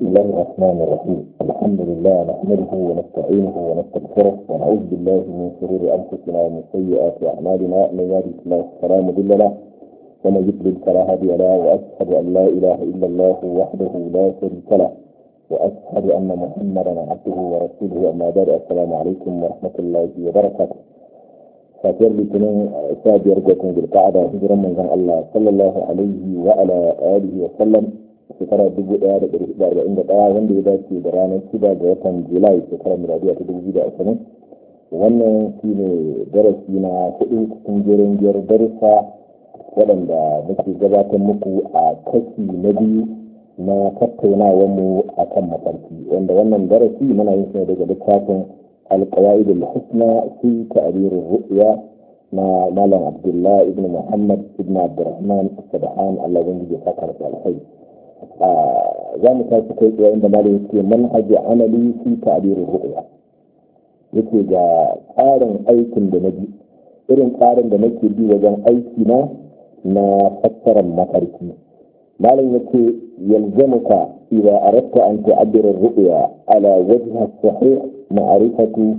بسم الله الرحمن الرحيم الحمد لله نحمده ونستعينه ونستغفره ونعوذ بالله من شرور انفسنا ومن سيئات اعمالنا من يهده الله فلا مضل له ومن يضلل فلا هادي له واشهد ان لا اله الا الله وحده لا شريك له واشهد ان محمدا عبده ورسوله اما بعد السلام عليكم ورحمه الله وبركاته فاتر litinin sha biyar ga kungil من الله صلى الله عليه وعلى اله وسلم a shekara ɗaya wanda ya dace da ranar 6 ga watan julai shekarar miladiya ta 2020 wannan shine darasi na hudu cikin jerin biyar darussa waɗanda muke gabatar muku a kashi na biyu na tattaunawarmu a kan mafarki wanda wannan darasi muna yin shi daga littafin alƙawa'idul husna fi ta'abirin ru'ya malam مالهم ibn muhammad ابن محمد ابن عبد الرحمن السبحان الله بنجي فكر za mu tafi kai tsaye inda malam yake manhaji amali fi ta'birin ru'ya yake ga tsarin aikin da na bi irin tsarin da nake bi wajen aiki na na fassarar mafarki malam yake yalzamuka idza aradta an tu'abbir ar-ru'ya ala wajhi sahih ma'rifatu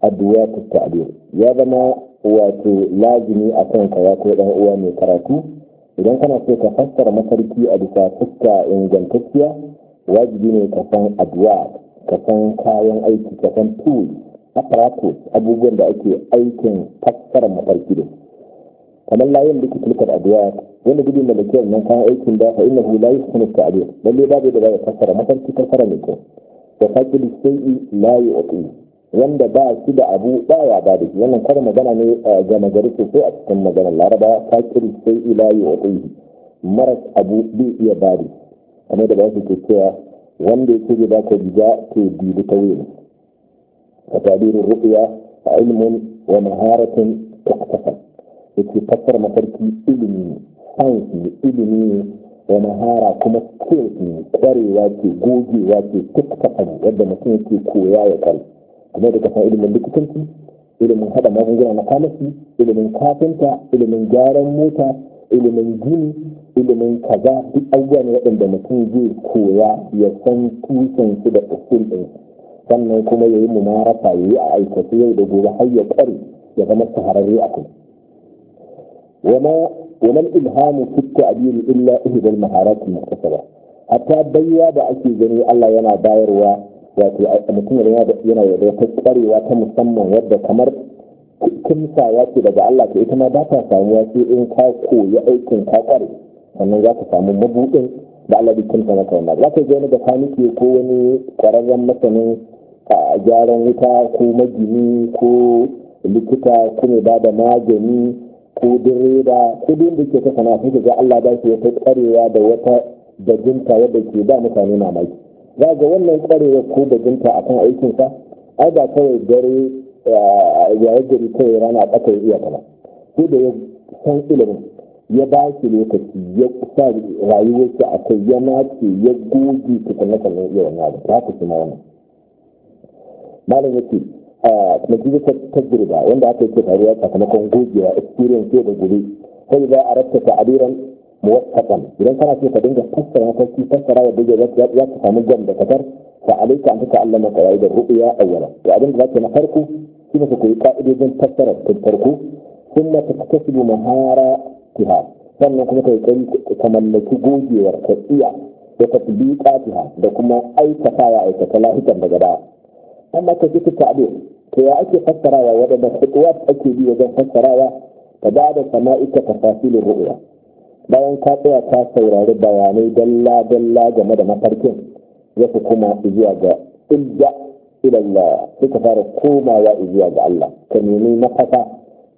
adwiyat at-ta'bir ya zama wato lazimi akan ka ya ko dan uwa mai karatu idan kana so ka fassara mafarki a bisa fuska ingantacciya wajibi ne ka san adwa ka san kayan aiki ka san tools apparatus abubuwan da ake aikin fassara mafarki da kamar layin da kuka adwa wanda gudun da lakiyar nan kayan aikin da fa innahu la ka ta'bir lalle babu da ba ya fassara mafarki fassara ne ko wa faqil sayyi la yu'ti wanda ba shi da abu baya ba da shi wannan kar magana ne eh, ga magari sosai a cikin maganar laraba ta kiri sai ilayi wa ɗaihi maras abu bai iya ba da amma da ba su ke cewa wanda yake ba baka riga to bibi ta wuyan a tabirin ru'ya a ilimin wa maharatun taktafa ke fassar mafarki ilimi sansu science ne ilimi ne wa mahara kuma kowace kwarewa ke gogewa ke taktafa wadda yadda mutum yake koya ya kare kuma da kasan ilimin likitanci ilimin hada magunguna na famasi ilimin kafinta ilimin gyaran mota ilimin gini ilimin kaza duk abubuwa ne waɗanda mutum zai koya ya san tushen su da usul ɗin sannan kuma ya yi mumarasa ya yi a aikace yau da gobe har ya ƙware ya zama shahararre a kai وما الإلهام في التعبير إلا إحدى المهارات hatta حتى بيا da ake gani Allah yana bayarwa wato mutum da yana da wata kwarewa ta musamman yadda kamar kimsa ya ce daga Allah ta ita ma ba ta ya ce in ka koyi aikin ka kware sannan za ka samu mabuɗin da Allah bai kimsa maka wannan za ka ga wani da ke ko wani kwararren masanin gyaran wuta ko magini ko likita ko mai ba da magani ko direba ko duk da ke ta sana'a sai ga Allah ba shi wata kwarewa da wata jinta yadda ke ba mutane mamaki za ga wannan kwarewa ko bajinta akan aikinsa ai ba kawai dare ya gari kawai rana tsakar iya kama sai da ya san ilimin ya ba shi lokaci ya sa rayuwarsa a kai ya nace ya goge tukuna sannan iya wannan abu ta haka kuma wannan malam yake a majalisar tajirba wanda aka yi faruwa sakamakon gogewa experience yau da gobe sai ba a rasta ta'adiran موقتا إذا كان في قدينك تفسر هذا الشيء تفسر هذا بجوة يأتفى من جنب كتر فعليك أن تتعلم قواعد الرؤية أولا وأدنك ذاتي نفرك كما تقول قائد يجن تفسر تفرك ثم تكتسب مهارة تها ثم كما تقول تملك جوجي ورقصية وتطبيقاتها لكما أي تفايا أي تفايا تفايا أما تجد التعبير كي أكي فسرها ودى خطوات أكي بي وجن فسرها فبعد سمائك تفاصيل الرؤية bayan ka tsaya ka saurari bayanai dalla dalla game da mafarkin ya fi kuma zuwa ga ilja ilallah suka fara komawa zuwa ga Allah ka nemi mafaka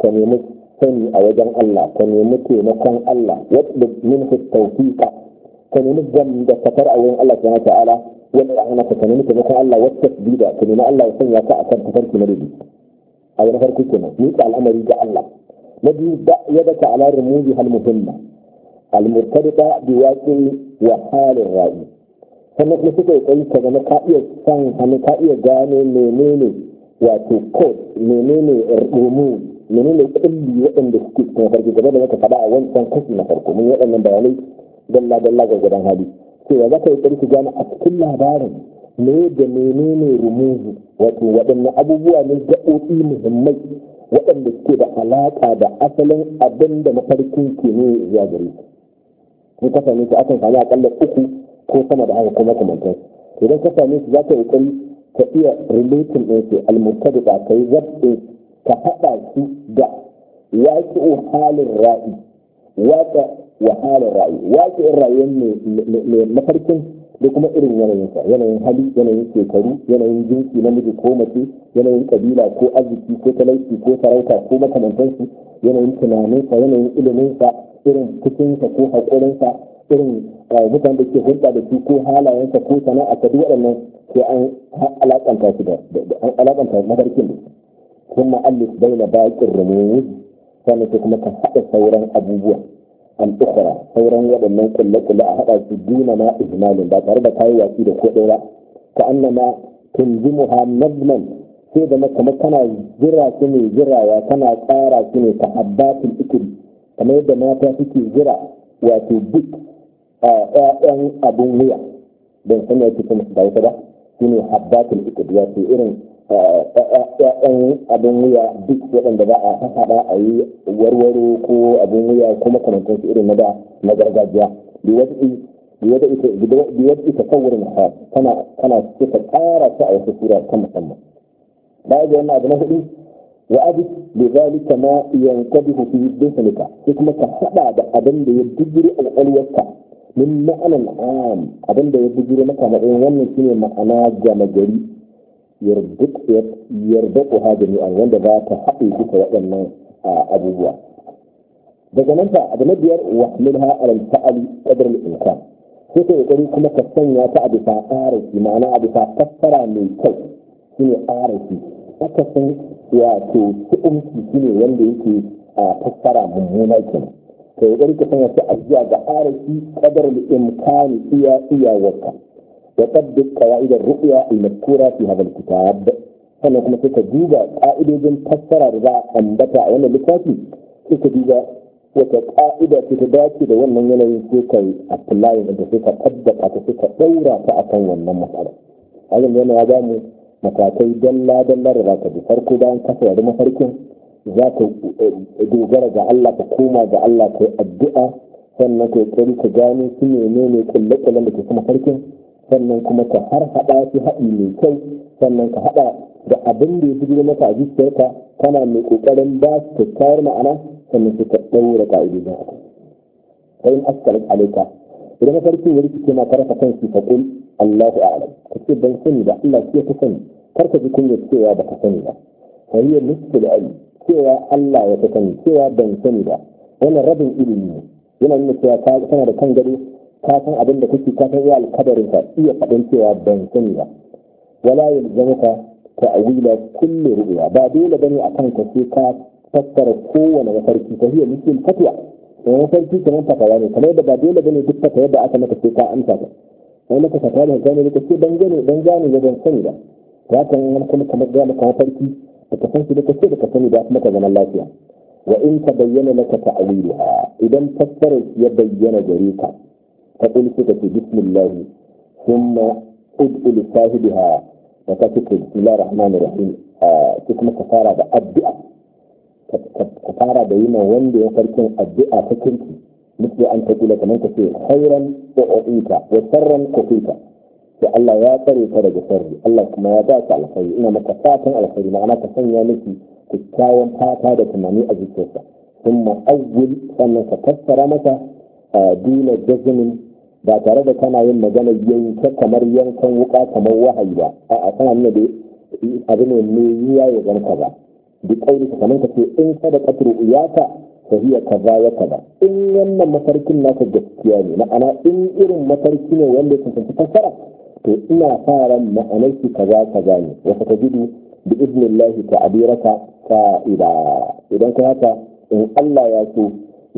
ka nemi sani a wajen Allah ka nemi taimakon Allah wadda min tawfiqa ka nemi gamdakatar a wurin Allah subhanahu ta'ala wanda ya hana ka nemi taimakon Allah wata tasbida ka nemi Allah ya sanya ka akan tafarki na rubi a wani farko kenan miƙa al'amari ga Allah na biyu da yadda ka ala rumuzi hal muhimma al-murtabita bi waqi wa halin ra'i sannan kuma suka yi ka zama ka iya san hannu ka iya gane menene wato code menene rumu menene kulli waɗanda suke cikin farko game da maka faɗa a wancan kashi na farko mun waɗannan bayanai dalla dalla ga gudan hali cewa za ka yi ƙarfi gane a cikin labarin ne da menene rumuzu wato waɗanne abubuwa ne gaɓoɓi muhimmai waɗanda suke da alaƙa da asalin abin da mafarkin ke ne ya gare su in ka same su akan sami akalla uku ko sama da haka ko makamantar to idan ka same su za ka yi ka iya relating ɗin su ba ka yi zaɓe ka haɗa su da waƙi halin ra'i waƙa wa halin ra'i waƙi rayuwar mai mafarkin da kuma irin yanayinsa yanayin hali yanayin shekaru yanayin jinsi namiji ko mace yanayin kabila ko arziki ko talauci ko sarauta ko su yanayin tunaninsa yanayin iliminsa irin kucinsa ko haƙorinsa irin mutane da ke hulɗa da su ko halayensa ko sana'a ta duk waɗannan sai an alaƙanta su da an alaƙanta mafarkin da kuma alif na baƙin rumuni sannan sai kuma ka haɗa sauran abubuwa an al'ukura sauran waɗannan kulle-kulle a haɗa su duna na ijimalin ba tare da kayi watsi da ko ɗora ka an nama annama tunzimuha nazman sai da maka kana zira su ne zirawa kana tsara su ne ta habbatin ikiri kamar yadda mata suke jira wato duk a ƴaƴan abin wuya don sanya yake kuma su bauta ba su ne habbatul ikid wato irin ƴaƴan abin wuya duk waɗanda ba a haɗa a yi warwaro ko abin wuya ko makamantan su irin na gargajiya bi gargajiya biyar ita kawurin ha tana suka ƙara ta a wasu sura ta musamman ba a ga wannan abu na hudu وأبد لذلك ما ينقبه في ذهنك حكمة سبعة أبن يبدجر الألوكة من معنى عام أبن يبدجر مكة معنى من معنى جمجري يربط يربط هذا المعنى وند ذاك حقيقة وأن أبوه daga nan abu na biyar wa milha alal fa'ali qadar al imkan sai ka kokari kuma ka sanya ta a bisa tsari ma'ana akasin wato su'umci shi ne wanda yake a fassara mummuna kenan to ya ɗarki sanya su ajiya ga arashi kadar imkani iya iya wata wa tabbi qawaidar ru'ya al makura fi hadha kitab sannan kuma suka duba ƙa'idojin fassara da za a ambata a wannan littafi suka duba wata ƙa'ida ce ta dace da wannan yanayin sai ka yi applying da suka ka tabbata ta sai ka ɗaura ta akan wannan matsala. Hakan yana ya zamu. matakai dalla dalla da za ka bi farko bayan kasa saurari mafarkin za ka eh, dogara ga Allah ka koma ga Allah ka addu'a sannan ka yi ka gano su ne ne kulle-kullen da ke kuma farkin sannan kuma ka har haɗa su haɗi mai kyau sannan ka haɗa da abin da ya fi maka a zuciyarka kana mai ƙoƙarin ba su kyakkyawar ma'ana sannan su ka ɗaura ƙa'idojin akwai. Sai in askar alaika idan mafarkin ya rikice ma karfa kan shi ka Allahu a'lam ka ce ban sani ba Allah ke ka sani kar ka ji kunya cewa ba ka sani ba fa hiya nisful ilm cewa Allah ya ka sani cewa ban sani ba wannan rabin ilimi ne yana nuna cewa ka kana da kan gado ka san abin da kake ka san iya alkadarin ka iya faɗin cewa ban sani ba wala yalzamuka ta'wila kulli ru'ya ba dole bane akan ka sai ka fassara kowane mafarki ta hiya misal fatwa mafarki kamar fatawa ne kamar da ba dole bane duk fatawa da aka maka sai ka amsa ta sai maka fata da gane da ce dan gane ban gane da ban sani ba ya kan nan kuma kamar da maka farki da ka san shi da kace da ka sani ba kuma ka zaman lafiya wa in ka bayyana laka ta'wiluha idan fassara ya bayyana gare ka ka kulku ka ce bismillah thumma ud'u li sahibiha wa ka ce bismillahir rahmanir rahim ki kuma ka fara da addu'a ka fara da yin wanda ya farkin addu'a ta kirki duk da an tafiya kamar ka ce khairan ko ƙoƙinka ko sarran ko kinka to Allah ya tsare ka daga sarri Allah kuma ya ba ka alkhairi ina maka fatan alkhairi ma'ana ka sanya miki kyakkyawan fata da tunani a zuciyarsa kuma awwal sannan ka tattara masa dina jazmin ba tare da kana yin magana yanke kamar yankan wuka kamar wahayi ba a'a kana nuna da abu ne mai yiwa ya zanka ba duk ka kamar ka ce in ka da katru iyaka sahiya kaza ya kaza in wannan mafarkin naka gaskiya ne ma'ana in irin mafarki ne wanda ya kasance fassara to ina fara ma'anar ki kaza kaza ne wa ka tajidu bi idnillahi ta'biraka fa'ida idan ka haka in Allah ya so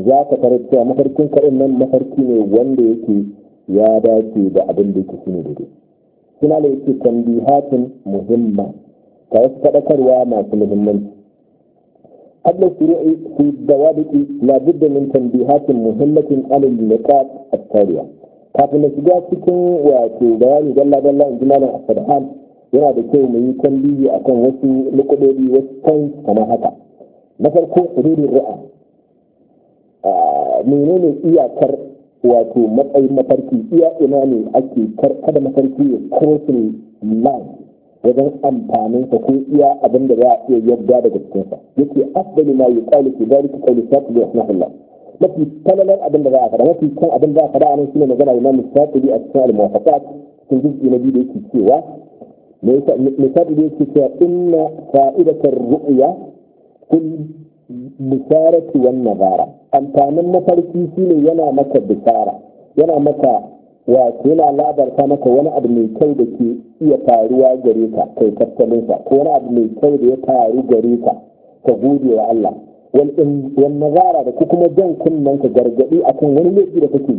za ka tarar mafarkin kaɗin nan mafarki ne wanda yake ya dace da abin da yake shine daidai suna da yake tambihatin muhimma ta wasu faɗakarwa masu muhimmanci قبل الشروع في الضوابط لابد من تنبيهات مهمة على النقاط التالية kafin na shiga cikin wato bayani dalla dalla in ji malam asfarhan yana da kyau mu yi tambayi akan wasu nukudodi wasu kan kama haka na farko hududin ru'a menene iyakar wato matsayin mafarki iya ina ne ake kada mafarki ya crossing line wajen amfaninsa ko iya abin da za a iya yadda da daga cikinsa yake afdalu ma yuqalu fi dhalika qawlu sa'id rahimahullah mafi talalar abin da za a faɗa mafi kan abin da za a faɗa anan shine magana imamu sa'idi a cikin al-muwafaqat cikin jinsi na biyu da yake cewa misali da yake cewa inna fa'idatar ru'ya kul bisaratu wan nazara amfanin mafarki shine yana maka bisara yana maka wato yana labarta maka wani abu mai kyau da ke iya faruwa gare ka kai tattalinsa ko wani abu mai kyau da ya faru gare ka ka gode wa Allah wal nazara da ku kuma jan kunnen ka a kan wani laifi da kake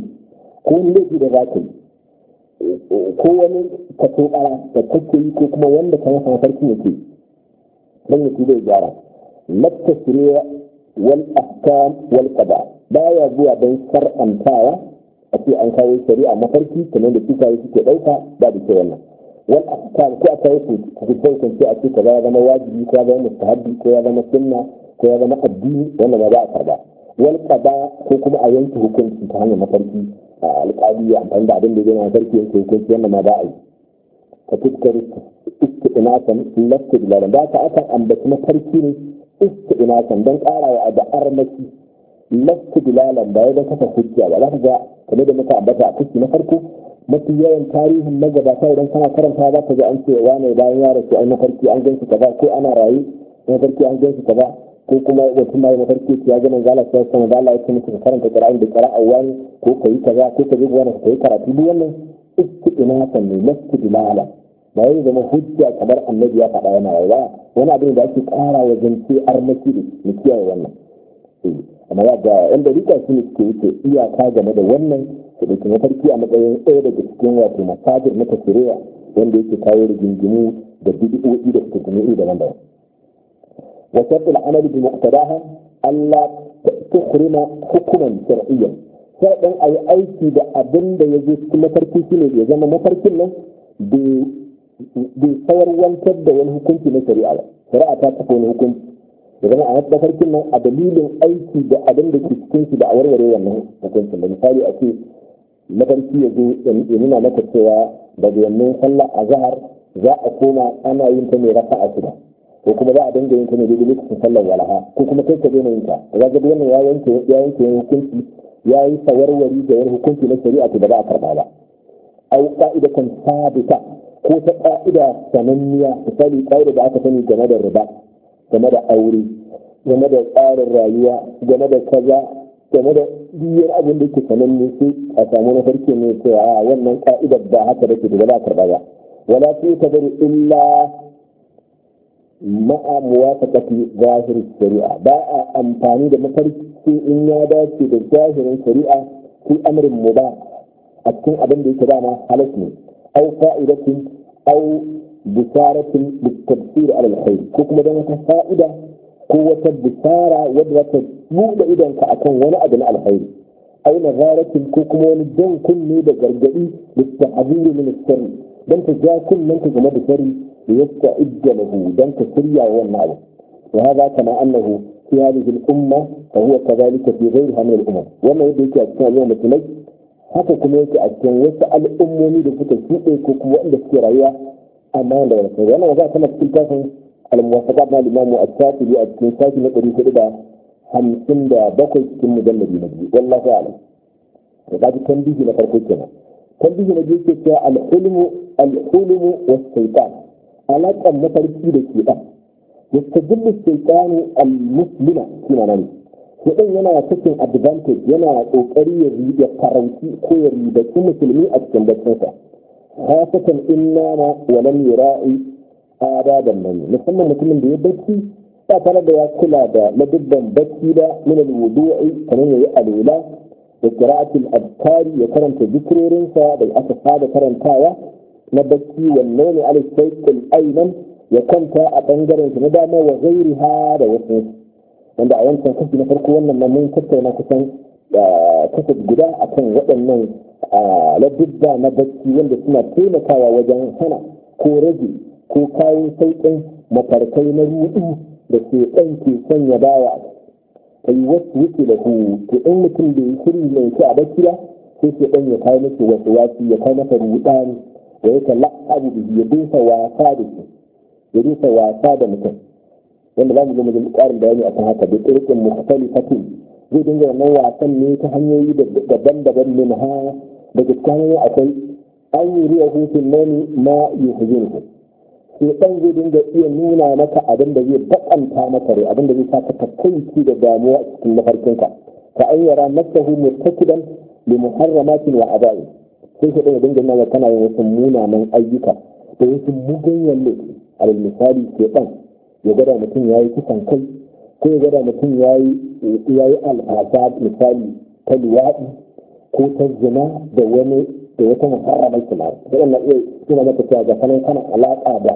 ko wani laifi da zaka yi ko wani ka tokara da kake yi ko kuma wanda ka masa mafarkin yake dan yake zai gyara matasriya wal ahkam wal qada baya zuwa dan shar'antawa a ce an kawo shari'a mafarki kamar da kifaye suke ɗauka ba da ke wannan wal ahkam ko a kawo hukuncin hukunci a ce kaza ya zama wajibi ko ya zama mustahabbi ko ya zama sunna ko ya zama addini wanda ba za a karba wal qada ko kuma a yanke hukunci ta hanyar mafarki a alƙali ya amfani da abin da zai mafarki yanke hukunci wanda ma ba a yi ka fuskar isti'inatan ba ka akan ambaci mafarki ne isti'inatan don ƙarawa da armaki lafi dilalan ba da kafa hujja ba za ka ga kame da muka ambata a kuski na farko mafi yawan tarihin magabata idan kana karanta za ka ga an cewa wane bayan ya rasu an mafarki an gansu kaza ko ana rayu mafarki an gansu kaza ko kuma wasu mai mafarki su ya gina zala sai sama zala ya ce musu ka karanta qur'ani da qira'a wani ko ka yi kaza ko ka je wani ka yi karatu duk wannan san ne lafi dilalan ba ya zama hujja kamar annabi ya faɗa yana rayuwa wani abin da ake ƙara wa zance armaki da kiyaye wannan eh. amma ya ga yan dalika su ne suke wuce iyaka game da wannan su ɗauki mafarki a matsayin ɗaya daga cikin wato masajin na tafiriya wanda yake kawo rigingimu da bidi'o'i da fitintunu daban-daban wasu shaddul amali bi muqtadaha Allah tukhrima hukuman shar'iyyan sai a yi aiki da abin da yaje cikin mafarki ne ya zama mafarkin nan bai bai wancan da wani hukunci na shari'a ba shari'a ta kafa wani hukunci ya zama a wata farkin nan a dalilin aiki da abin da ke cikin da a warware wannan hukuncin da misali a ce mafarki ya zo ya nuna maka cewa daga sallah a azhar za a koma ana yin ta ne raka a shida ko kuma za a dinga yin ta ne daidai lokacin sallar walaha ko kuma kai ka daina yin ta za ga wannan ya yanke ya yanke hukunci ya yi sawarwari da wani hukunci na shari'a da ba za a karɓa ba au kan sabita ko ta ka'ida sananniya misali ka'ida da aka sani game da riba game da aure game da tsarin rayuwa game da kaza game da biyar abin da ke sanan ne sai a samu na farke ne cewa a wannan ka'idar ba haka da ke da za karɓa ba wala fi kadar illa ma'a muwafaqati zahir shari'a ba a amfani da mafarki in ya dace da zahirin shari'a sai amrin mu ba a cikin abin da yake dama halas ne au fa'idatin au بشارة بالتبصير على الخير كوكما دون فائدة قوة بشارة ودرة مؤلة إذا كأكون ولا أدنى على الخير أي نظارة كوكما ولدون كل بقرقائي للتحذير من الشر دون تجاه كل من تجمع بشر ليستعد له دون تسريع والنعوة وهذا كما أنه في هذه الأمة فهو كذلك في غيرها من الأمم وما يدرك أكثر يوم الثلاث haka kuma yake a cikin أمني al'ummomi da suka amma da wani wannan magana tana cikin tafin al-muwafaqat na limamu at-tafi a cikin tafi na ɗari hudu da hamsin da bakwai cikin mujalladi na biyu wallahi alam da kaji tambihi na farko kenan tambihi na biyu ke cewa al-hulmu al-hulmu was-shaytan alaƙan mafarki da ke ɗan yastajillu shaytanu al-muslima kina nan kuɗin yana cikin advantage yana ƙoƙari ya farauci ko ya ribaci musulmi a cikin sa. khasatan in nama wa lam yura'i adaban nan musamman mutumin da ya bacci ba tare da ya kula da ladubban bacci ba min al kamar yayi alula da qira'atul adkari ya karanta zikrorinsa da aka saba karantawa na bacci wannan ne al-sayqul ayman ya kwanta a bangaren na dama wa ghairiha da wasu wanda a wancan kashi na farko wannan mun tattauna kusan ah, kasar guda akan waɗannan dubba na bacci wanda suna taimakawa wajen hana ko rage ko kawo sauƙin mafarkai na ruɗu da ke ɗan ke sanya bawa yi wasu wuce da ku ke in mutum da yi shiri mai kyau a bacci ba sai ke ɗan ya kawo masa wasu wasu ya kawo masa ruɗani da ya kalla abu da ya dusa wasa da shi ya dusa wasa da mutum wanda za mu zo mu ƙarin bayani kan haka da ƙirƙin mukhtalifatin zai dinga wannan wasan ne ta hanyoyi daban-daban min ha Da gaske hanyoyi akwai an yi riya hutun nani ma yi hujjinku sai zai dinga iya nuna maka abin da zai bakanta maka rai abin da zai sa ka kanki da damuwa cikin mafarkinka ka an yara nasahu mutakidan li muharramatin wa adai sai ka dinga dinga nuna kana yin wasu munanan ayyuka da wasu muganyen laifi alal misali sai ya gwada mutum ya yi kisan kai ko ya mutum ya yi al'ada misali ta luwaɗi ko ta zina da wani da wata muharramar kula yana iya suna mata cewa ga kanan kana alaƙa da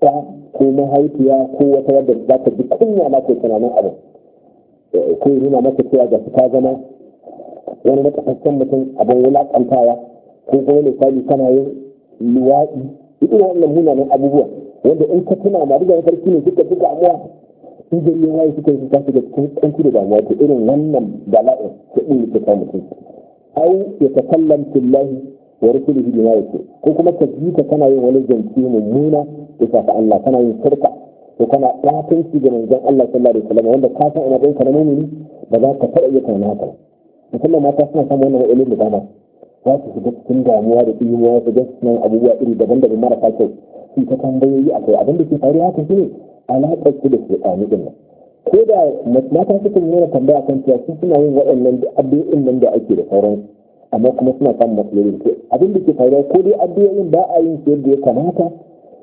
ta ko mahaifiya ko wata yadda za ta ji kunya ma ko tunanin abu. Eh, ko yi nuna mata cewa ga ta zama wani matakaskan mutum abin wulaƙantawa ko kuma misali kana yin luwaɗi duk wannan munanan abubuwa wanda in ka tuna ma duk da farki ne duka duka amuwa in gari ya suka yi ta shiga cikin kunku da damuwa to irin wannan bala'in ta ɗin ta samu mutum au ya ta kallan fillahi wa rusulihi ya yake ko kuma ka ji ka kana yin wani zance mummuna da shafi Allah kana yin sarka ko kana ɗatanci ga manzon Allah sallallahu alaihi wasallam wanda ka san ina ɗanka na mumini ba za ka taɓa iya kana haka musamman mata suna samun wannan wa'ilin da dama za su shiga cikin damuwa da tsinuwa su ga abubuwa iri daban-daban marasa kyau su ta tambayoyi a kai ke faruwa haka shi ne alaƙar su da shaytani din nan ko da mata sukan nuna tambaya kan cewa sun suna yin waɗannan addu'o'in nan da ake da sauran amma kuma suna samun matsalolin ko abin da ke faruwa ko dai addu'o'in ba a yin su yadda ya kamata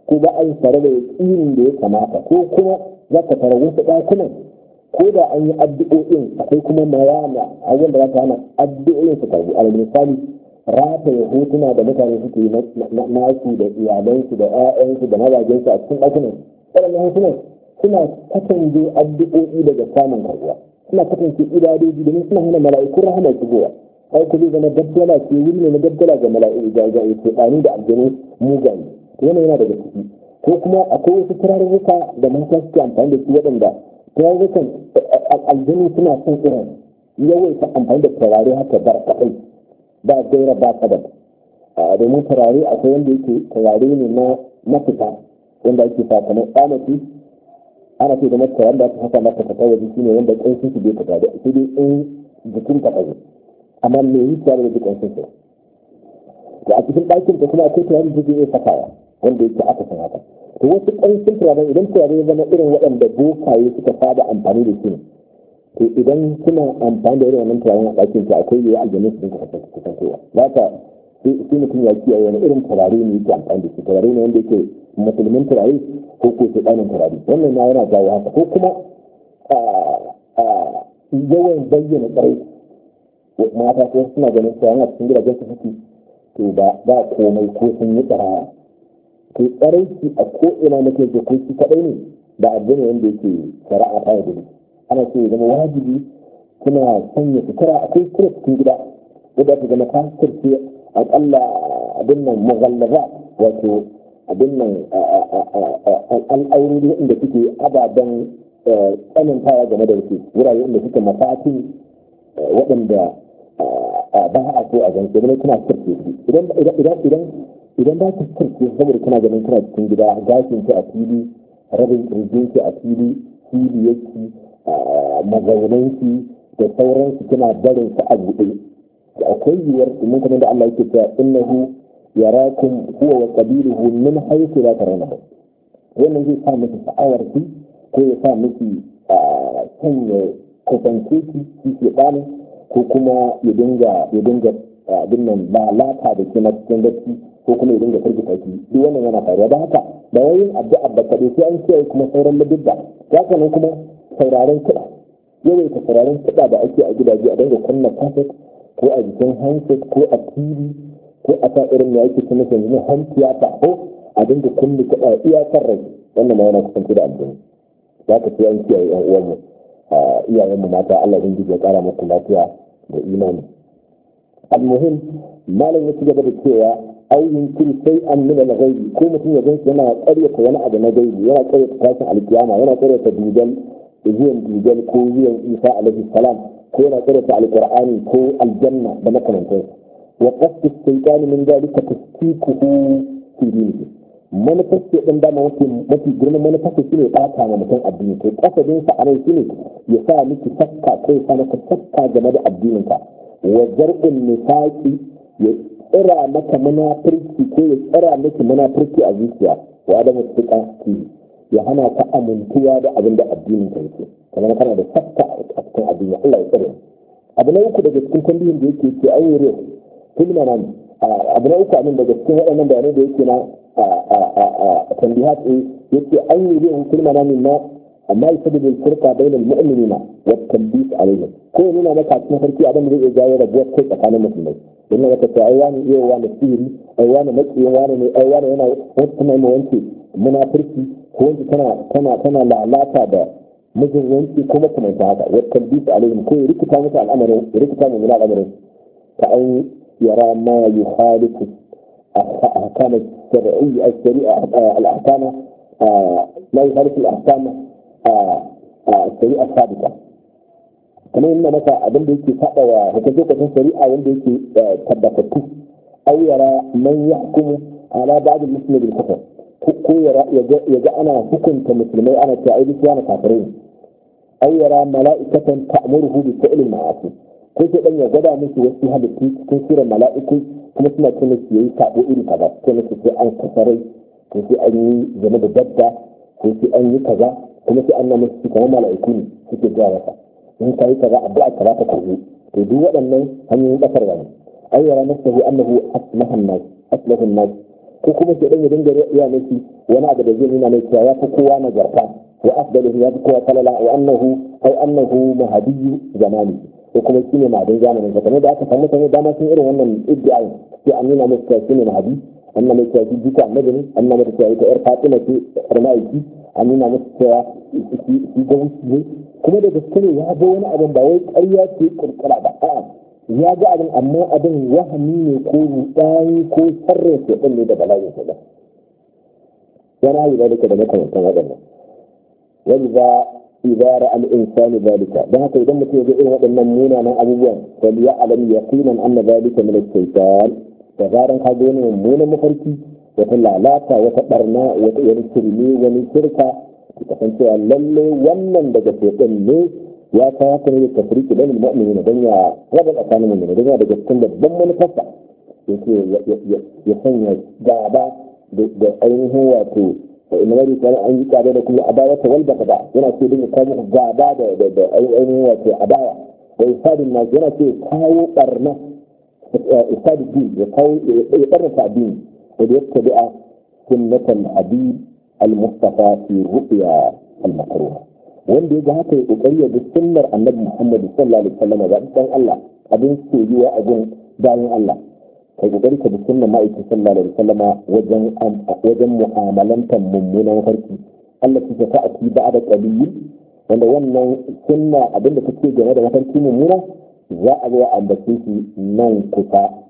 ko ba a yin tare da yaƙinin da ya kamata ko kuma za ka tara wasu ɗakunan ko da an yi addu'o'in akwai kuma mayana a wanda za ka hana addu'o'in su karbi alal misali rataye hotuna da mutane suke yi na nasu da iyalansu da 'ya'yansu da mazajensu a cikin ɗakunan waɗannan hotunan suna kasance addu'o'i daga samun karuwa suna kasance ibadoji domin suna hana mala'ikun rahama shigowa ai ku zai zama dabbala ce wuri ne na dabbala ga mala'iku ga ga ke bani da aljanu mugaye wannan yana daga ciki ko kuma akwai wasu turarruka da mata suke amfani da su waɗanda turarrukan aljanu suna son irin yawaita amfani da turare haka bar kaɗai ba gaira ba kadan domin turare akwai wanda yake turare ne na mafita wanda ake sakamai tsanaki ana ce da maka wanda aka haka maka kawo waje shine wanda ƙanshin su bai fita da sai dai in jikin ka ɗago amma me yi tsara da jikin sun sai to a cikin ɗakin ka kuma akwai turaren da zai iya sakawa wanda yake aka san haka to wasu ƙanshin turaren idan turaren ya zama irin waɗanda bokaye suka saba amfani da shi ne to idan kuna amfani da irin wannan turaren a ɗakin ka akwai yiwuwa aljanin su dinka kusan kowa za ka sai mutum ya kiyaye wani irin turare ne yake amfani da shi turare ne wanda yake musulmin turare ko ko ɗanin turare wannan na yana jawo haka ko kuma yawan bayyana tsarai mata ko suna ganin cewa yana cikin gida gasa suke to ba ba komai ko sun yi tsara to tsarai ki a ko ina nake ke ko shi kadai ne ba abu ne wanda yake shari'a ta gudu ana so ya zama wajibi kuna sanya sutura akwai kira cikin gida wadda ta zama kasar akalla abin nan mughallaza wato abin nan al'aurori inda suke ababen tsanantawa game da su wurare inda suke mafafi waɗanda ba a so a gan idan kuna kirke su idan idan idan idan ba ku kirke saboda kuna ganin kuna cikin gida gashin ki a fili rabin kirjin ki a fili fili yake mazaunan ki da sauransu kina barin su a buɗe akwai yiwuwar mun kuma da Allah yake cewa innahu yarakum huwa wa qabiluhu min haythu la tarawnahu wannan zai sa miki sa'awar ki ko ya sa miki kan ya ki ki ke bani ko kuma ya dinga ya dinga dinnan da ke na cikin gaski ko kuma ya dinga firgita ki duk wannan yana faruwa don haka da yayin addu'a ba kaɗai sai an kiyaye kuma sauran ladubba ya kanan kuma sauraron kiɗa yawaita sauraron kiɗa da ake a gidaje a dinga kunna kafet. ko a jikin handset ko a tv ko a ta irin da yake kuma yanzu na ya theater ko a kun duka kaɗa iyakar rai wannan ma yana kusanci da abin za ka fiye kiyaye yan uwanmu iyayenmu mata Allah zai ya ƙara muku lafiya da imani almuhim malam ya ci gaba da cewa ayin kun sai an nuna na ko mutum ya gansu yana ƙaryata wani abu na gaibi yana ƙaryata tashin alkiyama yana ƙaryata dugal zuwan dugal ko zuwan isa alaihi salam ko yana karanta alkur'ani ko aljanna da makamantansu wa qasdu shaytan min dalika tasfiquhu fi dinihi manufar ce ɗin dama mafi girman manufar shi ne ɓata ma mutum addini ko ƙasadin sa a rai ne ya sa miki sakka ko ya sa maka sakka game da addininka wa zar'in nifaƙi ya tsira maka munafurci ko ya tsira miki munafurci a zuciya wa da mutuƙa ki ya hana ka amintuwa da abin da addinin ka yake kamar kana da sakka a cikin addini Allah ya tsare abu na uku daga cikin tambayin da yake ke aure kulma nan abu na uku amin daga cikin waɗannan bayanai da yake na tambihat eh, yake an yi zai nan na أما يسبب الفرقة بين المؤمنين والتنبيس عليهم كون إيه هنا مكا اسمه فرقي أبن رئي جاية ربوة كيف أقال المسلمين إنه لكتا أيوان إيه وانا سيري أيوان مكي أيوان إيه أيوان هنا وانتنا موانتي منافرتي كون كنا كنا كنا لا لا تابع مجر وانتي كما كما انت هذا والتنبيس عليهم كون ركتا مكا الأمر ركتا مكا الأمر كأن يرى ما يخالف أحكام الشرعية الشريعة آه، الأحكام آه، لا يخالف الأحكام shari'a sabita kamar yana maka abin da yake faɗa wa hukunce-hukuncen shari'a wanda yake tabbatattu au yara man ya hukumu ala ba'adul musulmi bil kufr ko ya ga ana hukunta musulmai ana cewa ai bisu yana kafirai ne au yara mala'ikatan ta'muruhu bi fi'lil ma'asi ko sai dan ya gwada musu wasu halittu cikin surar mala'iku kuma suna ce musu yayi sabo iri kaza ko musu sai an kafarai ko sai an yi zama da dabba ko sai an yi kaza kuma sai an nemi su kuma mala'iku ne suke zuwa masa in ka yi kaza addu'a ka za ta karbi to duk waɗannan hanyoyin ɓatarwa ne ayyara nasahu annahu aslahan nas aslahun nas ko kuma sai dan ya dinga riya miki wani abu da zai nuna mai cewa ya fi kowa jarfa wa afdalu ya fi kowa talala wa annahu ay annahu mahadiyyu zamani ko kuma shine ma'adin zamanin ka kamar da aka samu mutane dama sun irin wannan ibdi'ai sai an nuna mai cewa shine mahadi an nuna mai cewa shi duka annabi ne an nuna mai cewa ita yar fatima ce yar ma'aiki a nuna masa cewa shi gwamnati ne kuma da gaske ne ya ga wani abin ba wai ƙarya ce ƙirƙira ba a'a ya ga abin amma abin wahami ne ko rudani ko sarrafa ɗin ne da bala'in sa ba wani abu da duka da makamantan waɗannan wani ba إذا رأى الإنسان ذلك ذهك إذا متى يجئه أن نمونا من أبوه فليعلم يقينا أن ذلك من الشيطان فغارا قدون ممونا مفركي wata lalata wata barna wata wani turmi wani shirka ki kasancewa lalle wannan daga shaitan ne ya ta haka ne da tafriki dan mu'mini dan ya raba tsakanin mu'mini dan ya daga cikin babban manufarsa yake ya sanya gaba da ainihin wato fa in wani kan an yi gaba da kuma adawa ta walba ba yana ce dinga kawo gaba da da ainihin wato adawa da isadin na yana ce kawo barna isadin ya kawo ya barna sabini يتبع سنة النبي المصطفى في الرؤيا المكروهة wanda ya ga haka ya kokari da sunnar annabi Muhammad sallallahu alaihi wasallam ga Allah abin soyuwa a gun bayan Allah ka kokari ka bi sunnar ma'aikin sallallahu alaihi wasallam wajen wajen mummunan farki Allah ki ta ta'ati ba'da qalil wanda wannan sunna abinda kake game da mafarki mummuna za a zo a ambace shi nan kusa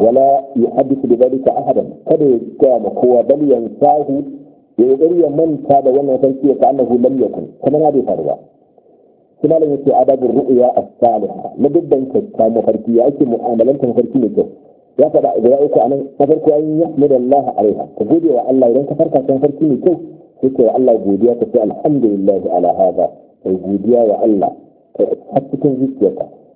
ولا يحدث بذلك احدا قد قام هو بل ينساه يغري من تاب ولا تنسي كانه لم يكن كما نادي فاروا كما لم يكن اداب الرؤيا الصالحه لابد ان تتام فرقيا اكي معاملات فرقيا جو يا فدا اذا اكو انا فرقوا ان يحمد الله عليها تقول يا الله اذا كفرك كان فرقيا جو يقول الله جوديا تقول الحمد لله على هذا الجوديا يا الله حتى تنزيك يا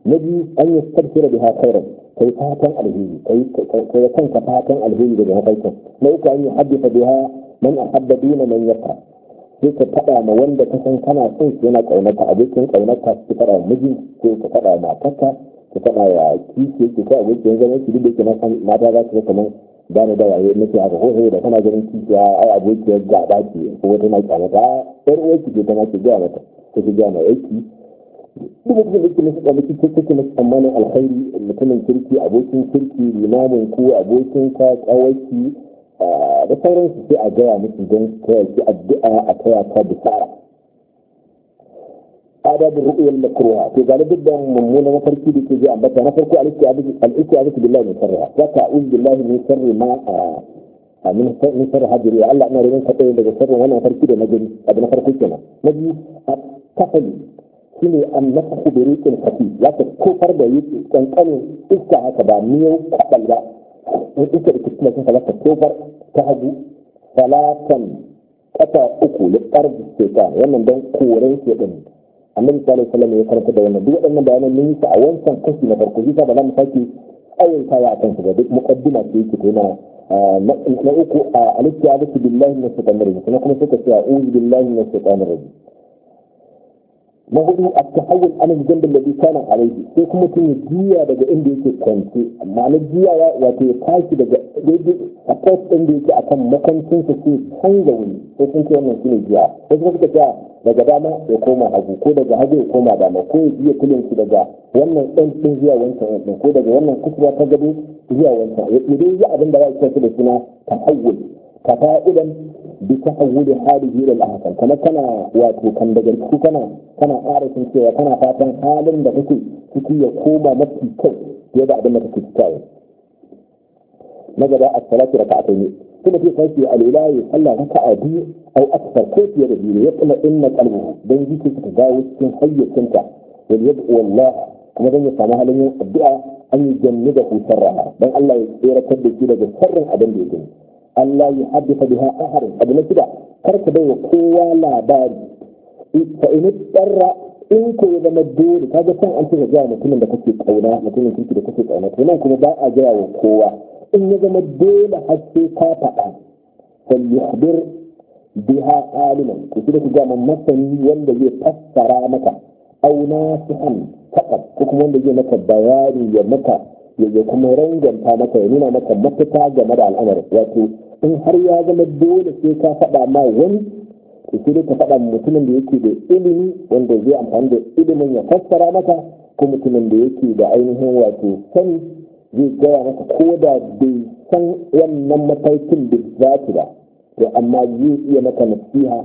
نبي ان يستغفر بها خيرا kai fatan alheri kai kai kai kanka fatan alheri daga mafarkin na uku an yi haddisa biha man ahabba dina man yaka sai ka fada ma wanda ka san kana son shi yana ƙaunarka abokin ƙaunarka su ma mijin ko ka faɗa matarka ka faɗa wa kishi ke ko abokin zaman ki duk da ke mata za su ga da ba da waye ne nake haka ko da kana ganin kishi ai abokiyar gaba ce ko wata na ƙyamata ɗan uwarki ce ta ma ki gaya mata ko ki gaya ma aiki. kuma da nake masa da nake kake masa tsammanin alkhairi mutumin kirki abokin kirki limamin ku abokin ka kawaki da sauransu sai a gaya musu don kawaki addu'a a kaya ta bisara adabin ru'uyar makruha to ga duk da mummunan mafarki da ke ji ambata na farko al-istiazatu billahi min sharriha wa ta'uz billahi min sharri ma a min sharri hadiri Allah ina rubin ka daga sharrin wannan mafarki da na gani abu na farko kenan na biyu a kafali shi ne an nasa hubirikin hafi za ka kofar da yi kankanin iska haka ba miyau kaɗal ba in iska da kuma sun halaka kofar ta hagu salatan ƙasa uku da ƙarfi shaitan wannan don koren shaitan annabi sallallahu alaihi wasallam ya karanta da wannan duk waɗannan bayanan mun yi a wancan kashi na farko shi ba za mu sake ayyuka ya kan su ba duk muqaddima ce yake yana ah, na uku a ah, alistiya billahi min shaitanir rajim kuma kuma suka ce a'udhu billahi min shaitanir rajim na hudu a tahawul anan al da bisanin a alayhi sai kuma tun yi juya daga inda yake kwance amma na juya ya wato ya tashi daga daidai a kwas din da yake akan makwancin sa sai canza wuri sai sun ce wannan ne juya ko kuma suka ce daga dama ya koma hagu ko daga hagu ya koma dama ko ya juya kulin daga wannan ɗan ɗin zuwa wancan ɗin ko daga wannan kusurwa ta gado zuwa wancan ya dai yi abin da za a kira su da suna tahawul idan. bisa awuli halihi da lahakan kama kana wato kan daga ciki kana kana ƙara sun cewa kana fatan halin da kake ciki ya koma mafi kyau fiye da abin da kake ciki yau na gaba a salatu da ka'a ne kuma sai sai alula ya sallah raka a biyu au akthar ko fiye da biyu ya kula inna qalbu dan yake ta dawo cikin hayyacinta wal yad'u wallah kuma dan ya samu halin yin addu'a an yi jannu da husarra dan Allah ya tsere da shi daga sharrin abin da ya gani Allah ya haddasa biha ahar abu na shida kar ka bai wa kowa labari fa in tsarra in ko ya zama dole ka ga san an ce ga mutumin da kake kauna mutumin kinki da kake kauna to nan kuma ba a gaya wa kowa in ya zama dole har sai ka faɗa fal yuhdir biha aliman ko sai ka ga masani wanda zai fassara maka au nasihan faqat ko kuma wanda zai maka bayani ya maka ya kuma ranganta maka ya nuna maka mafita game da al'amarin wato in har ya zama dole sai ka faɗa ma wani to sai dai ka faɗa mutumin da yake da ilimi wanda zai amfani da ilimin ya fassara maka ko mutumin da yake da ainihin wato sani zai gaya maka ko da bai san wannan matakin da za ba to amma zai iya maka nasiha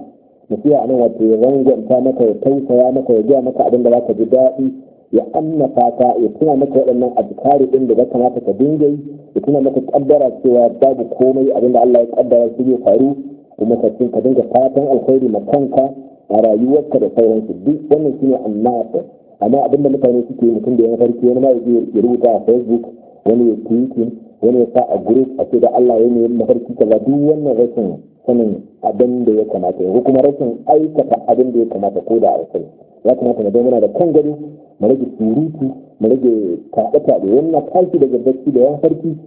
nasiha nan wato ya rangwanta maka ya tausaya maka ya gaya maka abin da za ka ji daɗi ya annaka ta ya tuna maka waɗannan azkari din da ya kamata ka dinga yi ya tuna maka kaddara cewa babu komai abinda Allah ya kaddara shi zai faru kuma ka ka dinga fatan alkhairi ma kanka a rayuwarka da sauransu duk wannan shine annaka amma abinda mutane suke mutum da ya farki wani ma ya rubuta a Facebook wani ya tweeting wani ya sa a group a ce da Allah ya ne mafarki kaza duk wannan rashin sanin abin da ya kamata ko kuma rashin aikata abin da ya kamata ko da a ya kamata mu zama da kan gado mu rage surutu mu rage kaɗe-kaɗe wannan kalki daga bacci da yan farki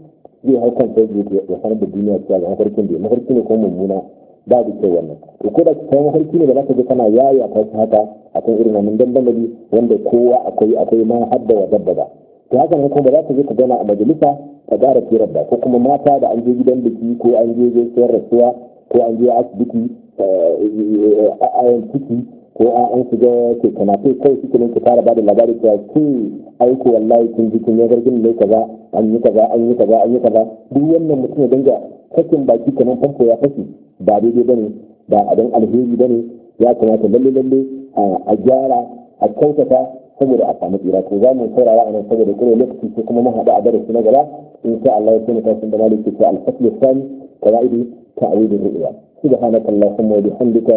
zai hau kan zai ya sanar da duniya cewa ga mafarkin da ya mafarki ne kuma mummuna ba da kyau wannan to ko da kai mafarki ne ba za ka ji kana yaya ta haka a kan irin wannan dandamali wanda kowa akwai akwai ma hadda wa dabba ba to haka ne kuma ba za ka je ka gana a majalisa ka gara firar da ko kuma mata da an je gidan biki ko an je gaisuwar rasuwa ko an je asibiti a ciki ko an an shiga ke kanafe kai suke nan ku fara bada labari cewa ke aiko wallahi kun ji kun yagar gini ne kaza an yi kaza an yi kaza an yi kaza duk wannan mutum ya danga sakin baki kamar famfo ya fashi ba daidai bane ba abin alheri bane ya kamata lalle lalle a gyara a kyautata saboda a samu tsira ko za mu saurara a nan saboda kuma lokaci ko kuma mun haɗu a darasi na gaba in sha Allah ya kuma tashin da maliki ta al-fasl al da kawaidu ta'awudu ru'ya subhanakallahumma wa bihamdika